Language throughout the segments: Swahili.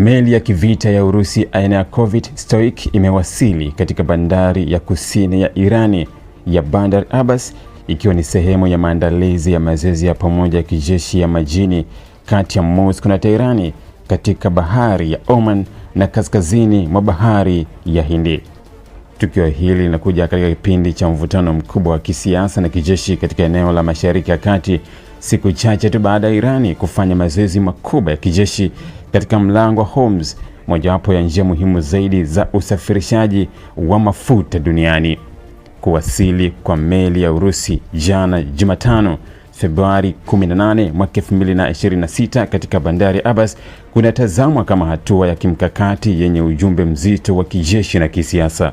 Meli ya kivita ya Urusi aina ya Covid Stoic imewasili katika bandari ya kusini ya Irani ya Bandar Abbas ikiwa ni sehemu ya maandalizi ya mazoezi ya pamoja ya kijeshi ya majini kati ya Moscow na Teherani katika bahari ya Oman na kaskazini mwa bahari ya Hindi. Tukio hili linakuja katika kipindi cha mvutano mkubwa wa kisiasa na kijeshi katika eneo la Mashariki ya Kati, siku chache tu baada ya Irani kufanya mazoezi makubwa ya kijeshi katika mlango wa Hormuz, mojawapo ya njia muhimu zaidi za usafirishaji wa mafuta duniani. Kuwasili kwa meli ya Urusi jana Jumatano Februari 18 mwaka 2026 katika bandari Abbas kunatazamwa kama hatua ya kimkakati yenye ujumbe mzito wa kijeshi na kisiasa.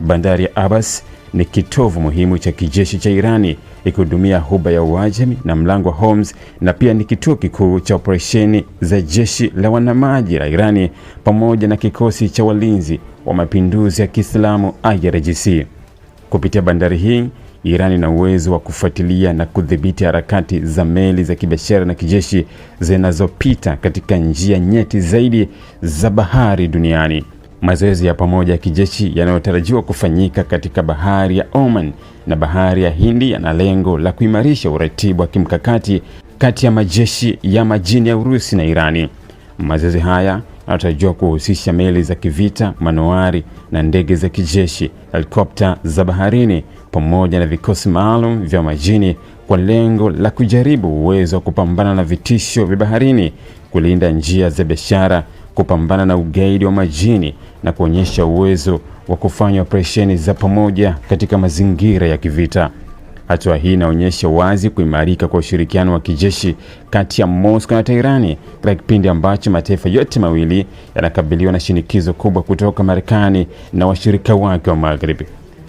Bandari ya Abbas ni kitovu muhimu cha kijeshi cha Irani ikihudumia huba ya Uajemi na Mlango wa Hormuz na pia ni kituo kikuu cha operesheni za jeshi la wanamaji la Irani pamoja na kikosi cha walinzi wa mapinduzi ya Kiislamu IRGC. Kupitia bandari hii, Irani ina uwezo wa kufuatilia na kudhibiti harakati za meli za kibiashara na kijeshi zinazopita katika njia nyeti zaidi za bahari duniani. Mazoezi ya pamoja ya kijeshi yanayotarajiwa kufanyika katika bahari ya Oman na bahari ya Hindi yana lengo la kuimarisha uratibu wa kimkakati kati ya majeshi ya majini ya Urusi na Irani. Mazoezi haya yanatarajiwa kuhusisha meli za kivita, manowari na ndege za kijeshi, helikopta za baharini pamoja na vikosi maalum vya majini kwa lengo la kujaribu uwezo wa kupambana na vitisho vya baharini, kulinda njia za biashara kupambana na ugaidi wa majini na kuonyesha uwezo wa kufanya operesheni za pamoja katika mazingira ya kivita. Hatua hii inaonyesha wazi kuimarika kwa ushirikiano wa kijeshi kati ya Moscow na Teherani katika kipindi ambacho mataifa yote mawili yanakabiliwa na shinikizo kubwa kutoka Marekani na washirika wake wa Magharibi.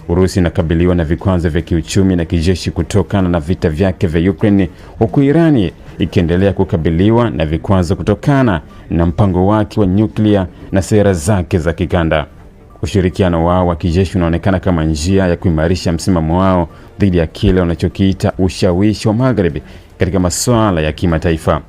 Urusi inakabiliwa na vikwazo vya kiuchumi na kijeshi kutokana na vita vyake vya Ukraine, huku Irani ikiendelea kukabiliwa na vikwazo kutokana na mpango wake wa nyuklia na sera zake za kikanda. Ushirikiano wao wa kijeshi unaonekana kama njia ya kuimarisha msimamo wao dhidi ya kile wanachokiita ushawishi wa Magharibi katika masuala ya kimataifa.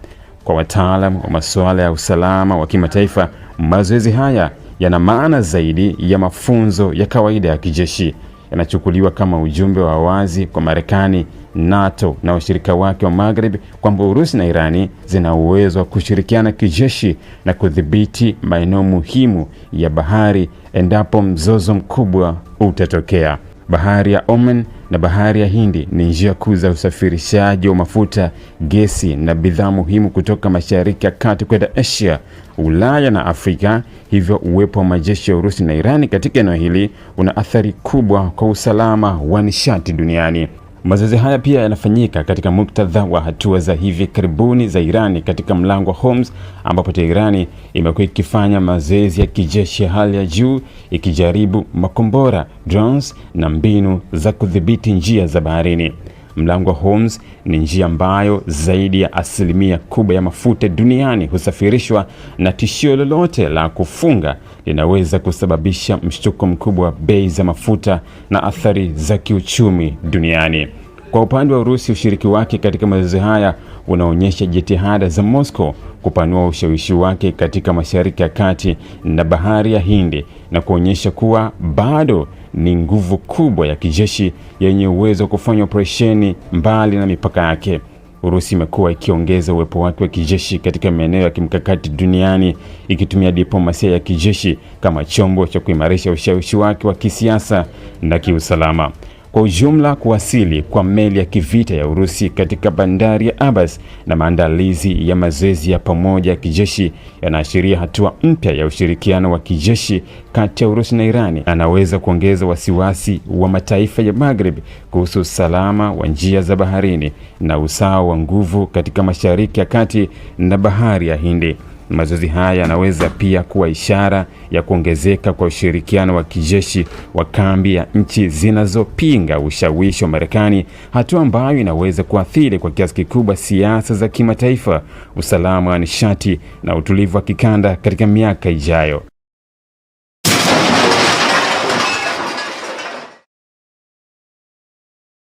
Kwa wataalam wa masuala ya usalama wa kimataifa, mazoezi haya yana maana zaidi ya mafunzo ya kawaida ya kijeshi, yanachukuliwa kama ujumbe wa wazi kwa Marekani NATO na washirika wake wa Magharibi kwamba Urusi na Irani zina uwezo wa kushirikiana kijeshi na kudhibiti maeneo muhimu ya bahari endapo mzozo mkubwa utatokea. Bahari ya Oman na bahari ya Hindi ni njia kuu za usafirishaji wa mafuta, gesi na bidhaa muhimu kutoka Mashariki ya Kati kwenda Asia, Ulaya na Afrika. Hivyo uwepo wa majeshi ya Urusi na Irani katika eneo hili una athari kubwa kwa usalama wa nishati duniani. Mazoezi haya pia yanafanyika katika muktadha wa hatua za hivi karibuni za Irani katika mlango wa Hormuz, ambapo Teherani imekuwa ikifanya mazoezi ya kijeshi ya hali ya juu ikijaribu makombora drones na mbinu za kudhibiti njia za baharini. Mlango wa Hormuz ni njia ambayo zaidi ya asilimia kubwa ya mafuta duniani husafirishwa, na tishio lolote la kufunga linaweza kusababisha mshtuko mkubwa wa bei za mafuta na athari za kiuchumi duniani. Kwa upande wa Urusi, ushiriki wake katika mazoezi haya unaonyesha jitihada za Moscow kupanua ushawishi wake katika Mashariki ya Kati na Bahari ya Hindi na kuonyesha kuwa bado ni nguvu kubwa ya kijeshi yenye uwezo wa kufanya operesheni mbali na mipaka yake. Urusi imekuwa ikiongeza uwepo wake wa kijeshi katika maeneo ya kimkakati duniani ikitumia diplomasia ya kijeshi kama chombo cha kuimarisha ushawishi wake wa kisiasa na kiusalama. Kwa ujumla, kuwasili kwa meli ya kivita ya Urusi katika bandari ya Abbas na maandalizi ya mazoezi ya pamoja ya kijeshi yanaashiria hatua mpya ya ushirikiano wa kijeshi kati ya Urusi na Irani. Anaweza kuongeza wasiwasi wa mataifa ya Maghreb kuhusu usalama wa njia za baharini na usawa wa nguvu katika Mashariki ya Kati na Bahari ya Hindi. Mazoezi haya yanaweza pia kuwa ishara ya kuongezeka kwa ushirikiano wa kijeshi wa kambi ya nchi zinazopinga ushawishi wa Marekani, hatua ambayo inaweza kuathiri kwa kiasi kikubwa siasa za kimataifa, usalama wa nishati na utulivu wa kikanda katika miaka ijayo.